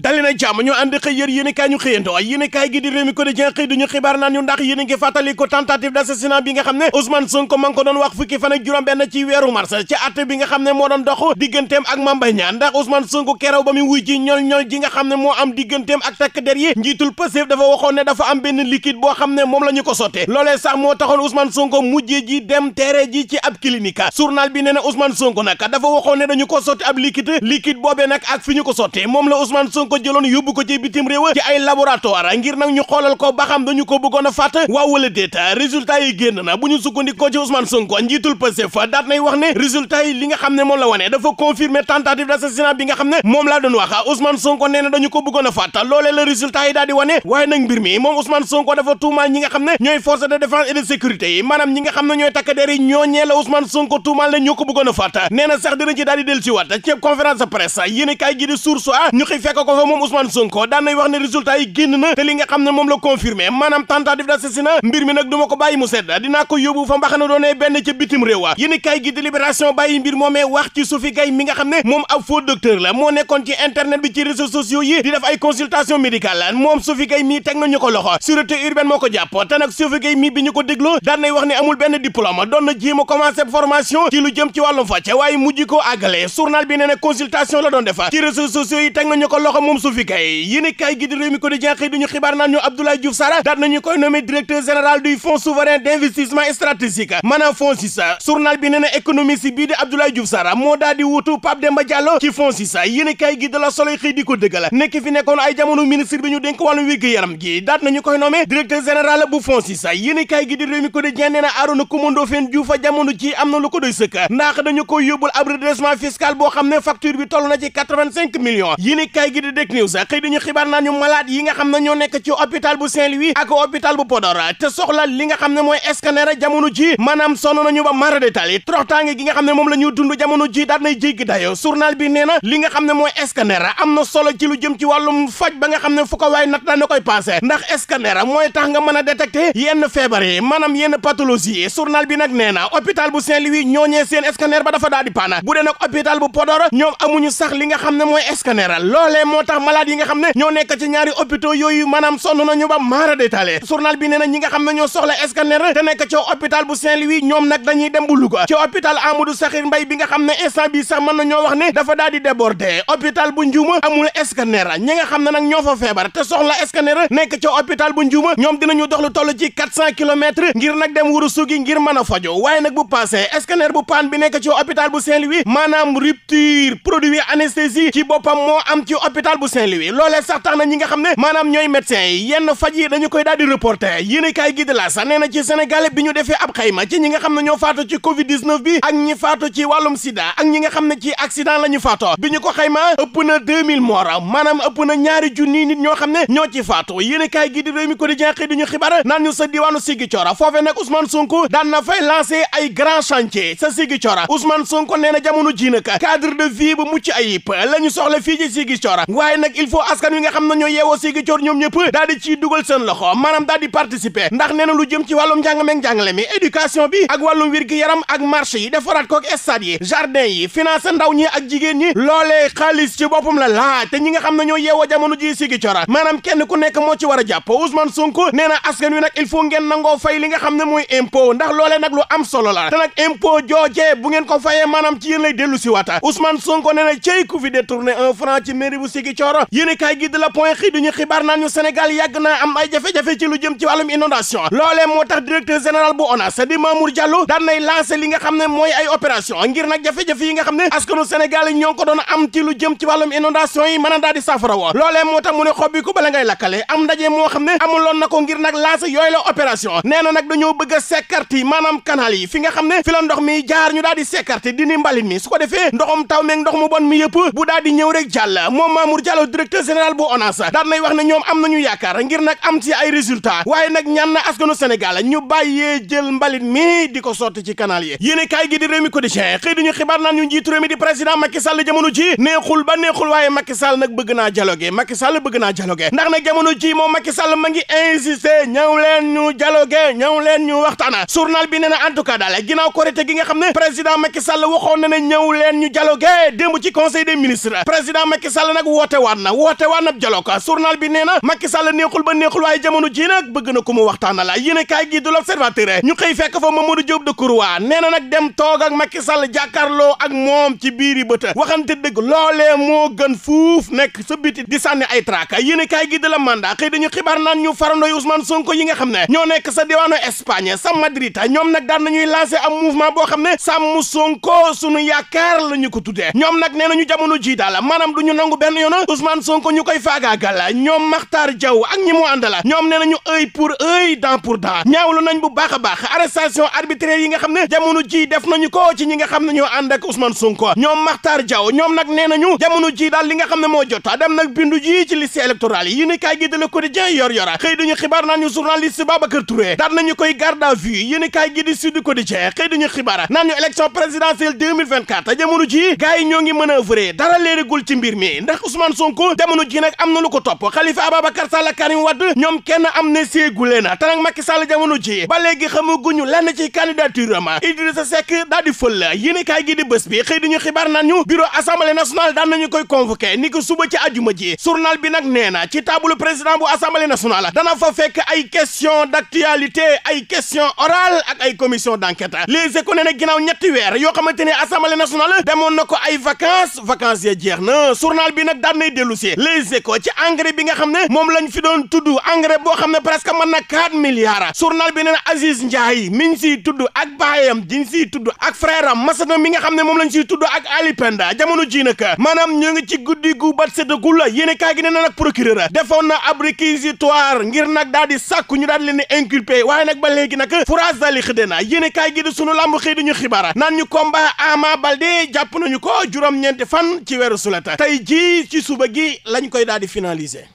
dali na jàmm ñu ànd xëy yër yéenekaay ñu xëyandoo yéenekaay gi di Rewmi Quotidien xëy duñu xibaar naan ñu ndax yéen a ngi fàttali ko tentative bi nga xam ne Ousmane Sonko ma ngi ko doon wax fukki fan ak juróom benn ci weeru mars ci àtte bi nga xam ne moo doon dox digganteem ak Mame Mbaye Niang ndax Ousmane Sonko kerew ba mu wuy ji ñol ñol ji nga xam ne moo am digganteem ak takk der yi njiitul Pastef dafa waxoon ne dafa am benn liquide boo xam ne moom la ñu ko sottee loolee sax moo taxoon Ousmane Sonko mujjee ji dem teere ji ci ab clinique journal bi nee na Ousmane Sonko nag dafa waxoon dañu ko sotti ab liquide liquide boobee nag ak fi ko sottee moom la Ousmane Sonko jëloon yóbbu ko ci bitim réew ci ay laboratoire ngir nag ñu xoolal ko ba xam dañu ko bëggoon a fàtt waaw wala résultat yi génn na bu ñu sukkandikoo ci Ousmane Sonko njiitul Pastef daat nay wax ne résultat yi li nga xam ne moom la doon wax Ousmane Sonko nee na dañu ko bëggoon a fàtt la résultat yi daal wane waaye nag mbir mi moom Ousmane Sonko dafa tuumaal ñi nga xam ne ñooy force de défense et de sécurité yi maanaam ñi nga xam ko fa moom Ousmane Sonko daan nay wax ne résultat yi génn na te xam ne moom la confirmé maanaam tentative d'assassinat mbir mi nag du ma ko bàyyi mu sedda dinaa ko yóbbu fa mbaxana doonee benn ca bitim réew wa yéen kay gi délibération bàyyi mbir moomee wax ci Sophie Gaye mi nga xam ne moom ab faux docteur la moo nekkoon ci internet bi ci réseaux sociaux yi di def ay consultation médicale moom Sophie Gaye mii teg na ñu ko loxo sûreté urbaine moo ko jàpp te nag Sophie wax ne amul benn diplôme doon na jéem a commencé formation ci lu jëm ci wàllum fàcce waaye mujj ko àggale la doon defa ci na ñu ko loxo moom suufi kay yéen i kaay gi ko di jenxëy duñu xibaar naan ñu Abdoulaye Diouf Sarr daat nañu koy nommé directeur général du fonds souverain d'investissement stratégique maanaam fonds si sa bi nee na économiste bii di Abdoulaye Diouf moo daal wutu Pape Demba Diallo ci fonds si sa yéen i la soloy xëy ko dëggal nekk fi nekkoon ay jamono ministre bi ñu dénk wàllu wér gu gi daat nañu koy nommé directeur général bu fonds si sa yéen i di Dik News xëy dañu xibaar naa ñu malade yi nga xam ne ñoo nekk ci hôpital bu Saint-Louis ak hôpital bu Podor bi nee na a ñoom amuñu sax li nga xam ne mooy scanner loolee moo moo tax malade yi nga xam ne ñoo nekk ci ñaari hôpitaux yooyu maanaam sonn nañu ba maara détaale journal bi nee ñi nga xam ne ñoo soxla scanner te nekk ci hôpital bu Saint-Louis ñoom nag dañuy dem bu Louga ci hôpital Amadou Sakhir Mbaye bi nga xam ne instant sax mën na ñoo wax ne dafa daal di débordé bu Ndiouma amul scanner ñi nga xam ne nag ñoo fa feebar te soxla scanner nekk ci hôpital bu Ndiouma ñoom dinañu dox lu toll ci quatre ngir nag dem wuru hôpital bu Saint-Louis loolee sax tax na ñi nga xam ne maanaam ñooy médecins yi yenn faj dañu koy daal di reporter yéen i kaay gi di ci Sénégal bi ñu defee ab xayma ci ñi nga xam ne ñoo faatu ci Covid bi ak ñi faatu ci wàllum sida ak ñi nga xam ne ci accident la ñu bi ñu ko xayma ëpp na 2000 morts ëpp na ñaari junni nit ñoo xam ne ñoo ci faatu yéen i kaay gi di réew mi quotidien xëy duñu xibaar naan ñu sa diwaanu Ziguinchor foofee nag Ousmane Sonko daan na waaye nag il faut askan wi nga xam ne ñoo yeewoo sigi coor ñoom ñëpp daal di ciy dugal seen loxo maanaam daal di participer ndax nee lu jëm ci wàllum njàng meeg mi éducation bi ak wàllum wér gi yaram ak marché yi defaraat kook stade yi jardin yi financé ndaw ñi ak jigéen ñi loolee xaalis ci boppam la laaj te ñi nga na ne ñoo yeewoo jamono ji sigi coora maanaam kenn ku nekk moo ci war a jàpp Ousmane Sonko nee na askan wi nag il faut ngeen nangoo nga xam ne mooy impôt ndax loolee nag lu am la te nag impôt joojee ko fayee maanaam ci yéen lay dellu si waata Ousmane Sonko nee Ziguinchor yéenekaay gi di la point xëy duñu xibaar naan ñu Sénégal yàgg naa am ay jafe-jafe ci jëm ci wàllum inondation moo tax directeur général bu ONAS di Mamour Diallo daan nay li nga xam ne mooy ay opération ngir nag jafe-jafe yi nga xam ne askanu Sénégal yi ko doon am ci jëm ci wàllum yi mën a di saafara woo loolee moo tax mu ne xob ko bala ngay lakkale am ndaje moo xam ne amuloon na ko ngir nag lancé yooyu la a sekkarti maanaam Mamour Diallo directeur général bu ONAS daan nay wax ne ñoom am nañu yaakaar ngir nag am ci ay résultats waaye nag ñaan na askanu senegal ñu bàyyee jël mbalit mi di ko sotti ci canal yi yéen kaay gi di Rewmi Quotidien xëy di ñu xibaar naan ñu njiitu réew di président Macky Sall jamono ji neexul ba neexul waaye Macky Sall nag bëgg naa dialogue Macky Sall bëgg naa dialogue ndax nag jamono ji moom Macky Sall ma ngi insister ñëw leen ñu dialogue ñëw leen ñu waxtaana journal bi nee na en tout cas daal ginnaaw korité nga xam ne président Macky Sall waxoon na ne ñëw leen ñu dialogue démb ci conseil des woote waat na woote jolo na jaloka journal bi nee na Macky Sall neexul ba neexul waaye jamono ji nag bëgg na ko ma waxtaana la yéen a kaay gii du l'observateur ñu xëy fekk fa Mamadou Diop Decroix nee na nag dem toog ak Macky Sall jàkkaarloo ak moom ci biiri bëta waxante dëgg loolee mu gën fuuf nekk sa biti di sànni ay traka yéen a kaay gii la la mandat xëy dañu xibaar naan ñu yu Ousmane Sonko yi nga xam ne ñoo nekk sa diwaanu Espagne sam Madrid ñoom nag daan nañuy lancé am mouvement boo xam ne sàmm Sonko sunu yaakaar la ñu ko tuddee ñoom nag nee nañu jamono ji daal maanaam duñu nangu benn yoon noonu Ousmane Sonko ñu koy faagaagal ñoom maxtaar Diaw ak ñi mu àndala ñoom nee nañu œil pour œil dent pour dent ñaawlu nañ bu baax a baax arrestation arbitraire yi nga xam ne jamono ji def ñu ko ci ñi nga xam ne ñoo ànd ak Ousmane Sonko ñoom Makhtar jaw ñoom nag nee nañu jamono ji daal li nga xam ne moo jot dem nag bindu ji ci liste électorale yi yéen kaay gi de Le Quotidien yor yora xëy ñu xibaar naan ñu journaliste Babacar Touré daal nañu koy garde à vue yéen kaay gi di Sud Quotidien xëy duñu xibaar naan ñu élection présidentielle 2024 jamono ji gars yi ñoo ngi manœuvrer dara leeragul ci mbir mi Ousmane Sonko jamono ji nag am na lu ko topp Khalifa Ababacar Sall ak Karim Wade ñoom kenn am ne séegule na te nag Macky Sall jamono ji ba léegi xamaguñu lenn ci candidature am Idrissa Seck daal di fël yéenekaay gi di bés bi xëy diñu xibaar ñu bureau assemblée nationale daan nañu koy convoqué ni ko suba ci ajuma ji journal bi nag nee na ci table président bu assemblée nationale dana fa fekk ay question d'actualité ay question orale ak ay commission d'enquête les éco nee na ginnaaw ñetti weer yoo xamante ni assemblée nationale demoon na ko ay vacances vacances ya jeex na journal bi nag daal nay dellu si les ci engrais bi nga xam ne moom lañ fi doon tudd engrais boo xam ne presque man nag 4 milliards journal bi nee na Aziz Ndiaye mi ngi siy tudd ak baayam diñ siy tudd ak frère am Masana mi nga xam ne moom lañ siy tudd ak Ali Penda jamono ji nag maanaam ñoo ngi ci guddi gu bat séddagul yéene kaa gi nee na nag procureur defoon na ab réquisitoire ngir nag daal di sàkku ñu daal leen di inculpé waaye nag ba léegi nag fourage dali xëdde na yéene kaay gi di sunu làmb xëy di ñu xibaar naan ñu combat Ama Baldé ko juróom-ñeenti fan ci weeru sulet suba gi lañ koy daal di finaliser